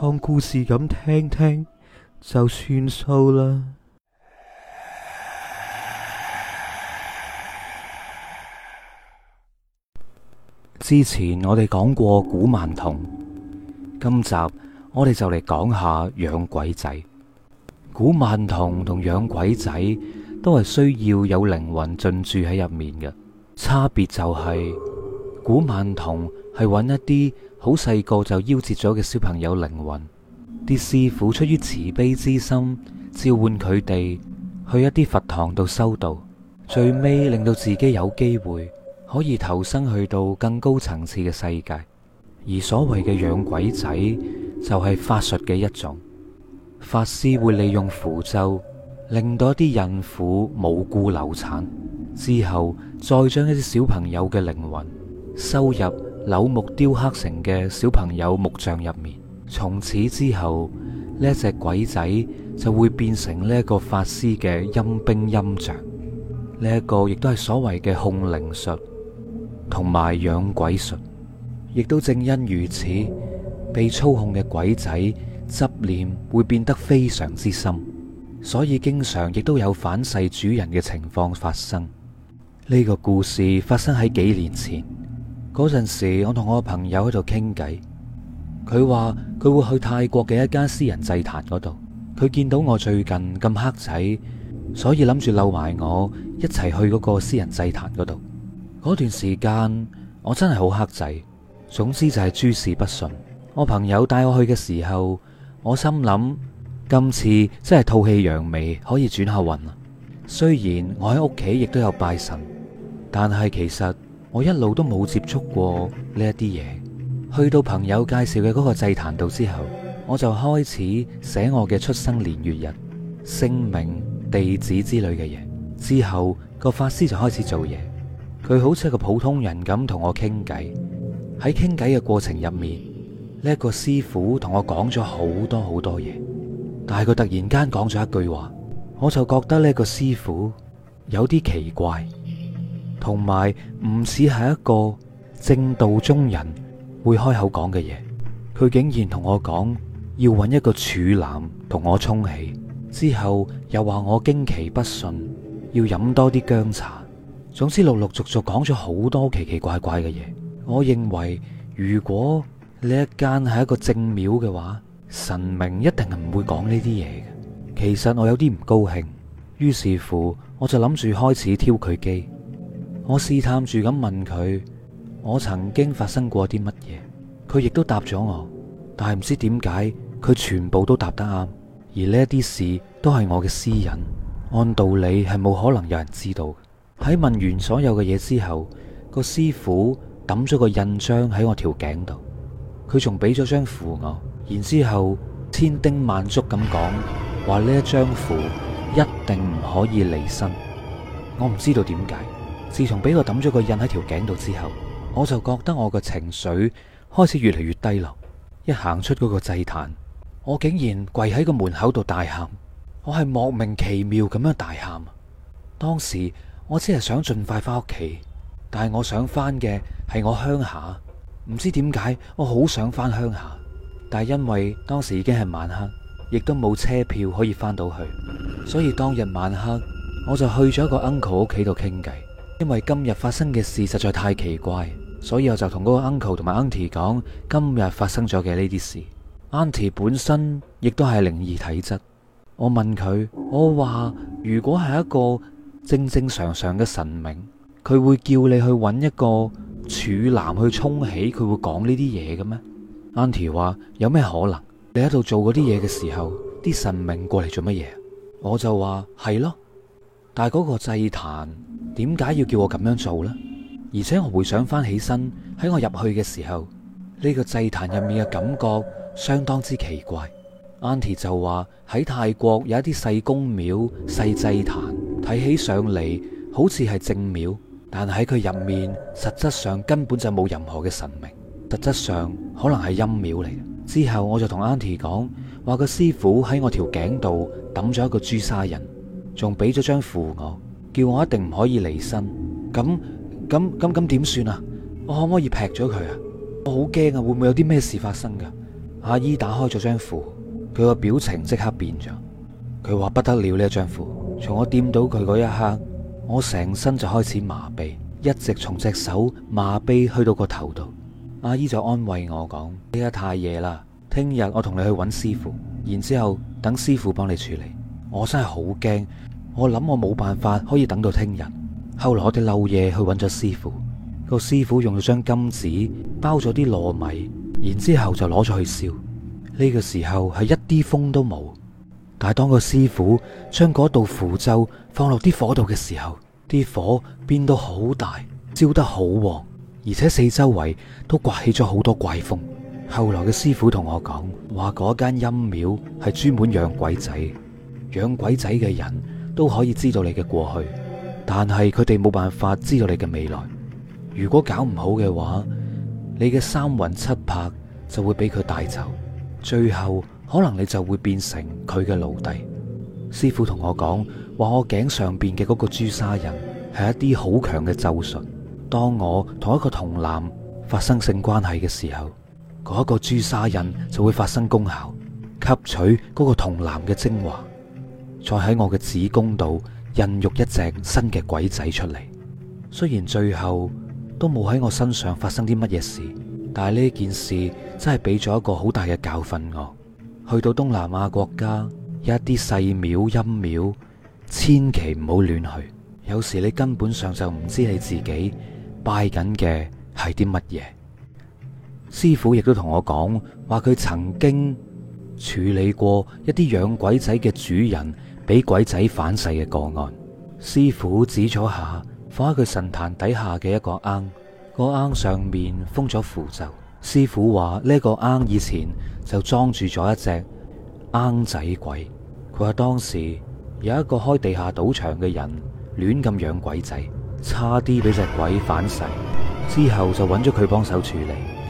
當故事咁聽聽就算數啦。之前我哋講過古曼童，今集我哋就嚟講下養鬼仔。古曼童同養鬼仔都係需要有靈魂進駐喺入面嘅，差別就係、是。古曼童係揾一啲好細個就夭折咗嘅小朋友靈魂，啲師傅出於慈悲之心，召喚佢哋去一啲佛堂度修道，最尾令到自己有機會可以投生去到更高層次嘅世界。而所謂嘅養鬼仔就係法術嘅一種，法師會利用符咒令到一啲孕婦無故流產，之後再將一啲小朋友嘅靈魂，收入柳木雕刻成嘅小朋友木像入面，從此之後呢隻鬼仔就會變成呢個法師嘅陰兵陰將。呢一個亦都係所謂嘅控靈術同埋養鬼術，亦都正因如此，被操控嘅鬼仔執念會變得非常之深，所以經常亦都有反噬主人嘅情況發生。呢個故事發生喺幾年前。嗰陣時，我同我個朋友喺度傾偈，佢話佢會去泰國嘅一間私人祭壇嗰度。佢見到我最近咁黑仔，所以諗住溜埋我一齊去嗰個私人祭壇嗰度。嗰段時間我真係好黑仔，總之就係諸事不順。我朋友帶我去嘅時候，我心諗今次真係吐氣揚眉，可以轉下運啦。雖然我喺屋企亦都有拜神，但係其實。我一路都冇接觸過呢一啲嘢，去到朋友介紹嘅嗰個祭壇度之後，我就開始寫我嘅出生年月日、姓名、地址之類嘅嘢。之後個法師就開始做嘢，佢好似一個普通人咁同我傾偈。喺傾偈嘅過程入面，呢一個師傅同我講咗好多好多嘢，但係佢突然間講咗一句話，我就覺得呢個師傅有啲奇怪。同埋唔似係一個正道中人會開口講嘅嘢，佢竟然同我講要揾一個處男同我沖氣，之後又話我經期不順，要飲多啲薑茶。總之陸陸續續講咗好多奇奇怪怪嘅嘢。我認為如果呢一間係一個正廟嘅話，神明一定係唔會講呢啲嘢嘅。其實我有啲唔高興，於是乎我就諗住開始挑佢機。我試探住咁問佢：我曾經發生過啲乜嘢？佢亦都答咗我，但係唔知點解，佢全部都答得啱。而呢一啲事都係我嘅私隱，按道理係冇可能有人知道嘅。喺問完所有嘅嘢之後，個師傅抌咗個印章喺我條頸度，佢仲俾咗張符我，然之後千叮萬囑咁講話：呢一張符一定唔可以離身。我唔知道點解。自從俾我抌咗個印喺條頸度之後，我就覺得我嘅情緒開始越嚟越低落。一行出嗰個祭壇，我竟然跪喺個門口度大喊，我係莫名其妙咁樣大喊。當時我只係想盡快翻屋企，但係我想翻嘅係我鄉下，唔知點解我好想翻鄉下。但係因為當時已經係晚黑，亦都冇車票可以翻到去，所以當日晚黑我就去咗一個 uncle 屋企度傾偈。因為今日發生嘅事實在太奇怪，所以我就同嗰個 uncle 同埋 auntie 講今日發生咗嘅呢啲事。auntie 本身亦都係靈異體質。我問佢，我話如果係一個正正常常嘅神明，佢會叫你去揾一個處男去沖喜，佢會講呢啲嘢嘅咩？auntie 話有咩可能？你喺度做嗰啲嘢嘅時候，啲神明過嚟做乜嘢？我就話係咯。但係嗰個祭壇點解要叫我咁樣做呢？而且我回想翻起身，喺我入去嘅時候，呢個祭壇入面嘅感覺相當之奇怪。Aunty 就話喺泰國有一啲細宮廟、細祭壇，睇起上嚟好似係正廟，但喺佢入面實質上根本就冇任何嘅神明，實質上可能係陰廟嚟。之後我就同 Aunty 講話，個師傅喺我條頸度抌咗一個朱砂人。仲俾咗張符我，叫我一定唔可以離身。咁咁咁咁點算啊？我可唔可以劈咗佢啊？我好驚啊！會唔會有啲咩事發生噶？阿姨打開咗張符，佢個表情即刻變咗。佢話不得了，呢一張符，從我掂到佢嗰一刻，我成身就開始麻痹，一直從隻手麻痹去到個頭度。阿姨就安慰我講：，呢家太夜啦，聽日我同你去揾師傅，然之後等師傅幫你處理。我真係好驚。我諗我冇辦法可以等到聽日。後來我哋漏夜去揾咗師傅，個師傅用咗張金紙包咗啲糯米，然之後就攞咗去燒。呢個時候係一啲風都冇，但係當個師傅將嗰道符咒放落啲火度嘅時候，啲火變到好大，燒得好旺，而且四周圍都颳起咗好多怪風。後來嘅師傅同我講話，嗰間陰廟係專門養鬼仔，養鬼仔嘅人。都可以知道你嘅過去，但係佢哋冇辦法知道你嘅未來。如果搞唔好嘅話，你嘅三魂七魄就會俾佢帶走，最後可能你就會變成佢嘅奴隸。師傅同我講話，我頸上邊嘅嗰個朱砂印係一啲好強嘅咒術。當我同一個童男發生性關係嘅時候，嗰一個朱砂印就會發生功效，吸取嗰個童男嘅精華。再喺我嘅子宮度孕育一隻新嘅鬼仔出嚟。雖然最後都冇喺我身上發生啲乜嘢事，但係呢件事真係俾咗一個好大嘅教訓我。去到東南亞國家，有一啲細廟陰廟，千祈唔好亂去。有時你根本上就唔知你自己拜緊嘅係啲乜嘢。師傅亦都同我講話，佢曾經。處理過一啲養鬼仔嘅主人俾鬼仔反噬嘅個案，師傅指咗下，放喺佢神壇底下嘅一個罌，個罌上面封咗符咒。師傅話呢個罌以前就裝住咗一隻罌仔鬼。佢話當時有一個開地下賭場嘅人亂咁養鬼仔，差啲俾隻鬼反噬，之後就揾咗佢幫手處理。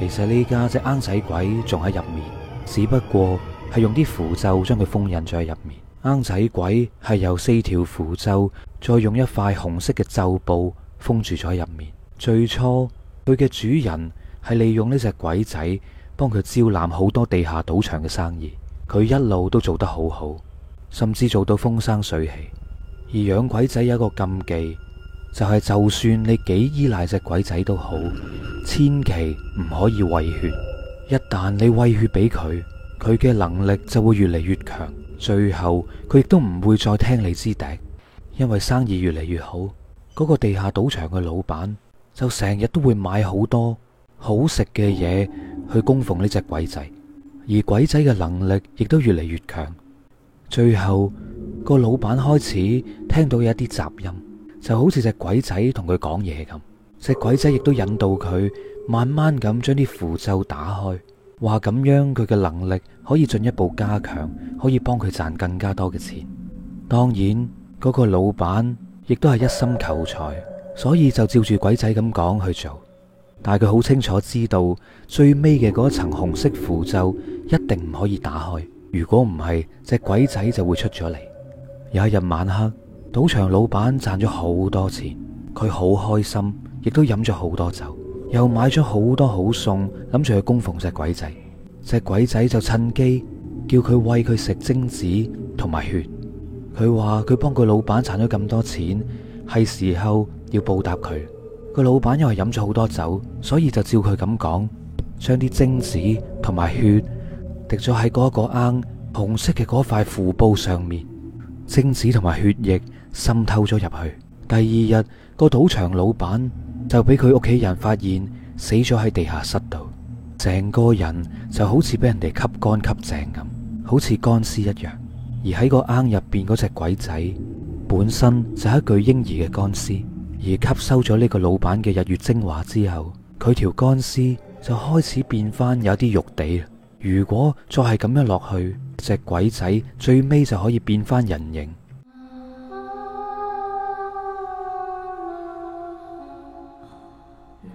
其實呢家隻罌仔鬼仲喺入面，只不過。係用啲符咒將佢封印咗喺入面。罌仔鬼係由四條符咒，再用一塊紅色嘅咒布封住咗喺入面。最初佢嘅主人係利用呢隻鬼仔幫佢招攬好多地下賭場嘅生意。佢一路都做得好好，甚至做到風生水起。而養鬼仔有一個禁忌，就係就算你幾依賴隻鬼仔都好，千祈唔可以餵血。一旦你餵血俾佢。佢嘅能力就會越嚟越強，最後佢亦都唔會再聽你支笛，因為生意越嚟越好，嗰個地下賭場嘅老闆就成日都會買好多好食嘅嘢去供奉呢隻鬼仔，而鬼仔嘅能力亦都越嚟越強，最後個老闆開始聽到有一啲雜音，就好似隻鬼仔同佢講嘢咁，隻鬼仔亦都引導佢慢慢咁將啲符咒打開。話咁樣，佢嘅能力可以進一步加強，可以幫佢賺更加多嘅錢。當然，嗰個老闆亦都係一心求財，所以就照住鬼仔咁講去做。但係佢好清楚知道，最尾嘅嗰層紅色符咒一定唔可以打開。如果唔係，隻鬼仔就會出咗嚟。有一日晚黑，賭場老闆賺咗好多錢，佢好開心，亦都飲咗好多酒。又買咗好多好餸，諗住去供奉隻鬼仔。隻鬼仔就趁機叫佢餵佢食精子同埋血。佢話佢幫個老闆賺咗咁多錢，係時候要報答佢。個老闆因為飲咗好多酒，所以就照佢咁講，將啲精子同埋血滴咗喺嗰個罌紅色嘅嗰塊褲布上面。精子同埋血液滲透咗入去。第二日，個賭場老闆。就俾佢屋企人發現死咗喺地下室度，成個人就好似俾人哋吸乾吸淨咁，好似乾屍一樣。而喺個罌入邊嗰隻鬼仔本身就係一具嬰兒嘅乾屍，而吸收咗呢個老闆嘅日月精華之後，佢條乾屍就開始變翻有啲肉地。如果再係咁樣落去，隻鬼仔最尾就可以變翻人形。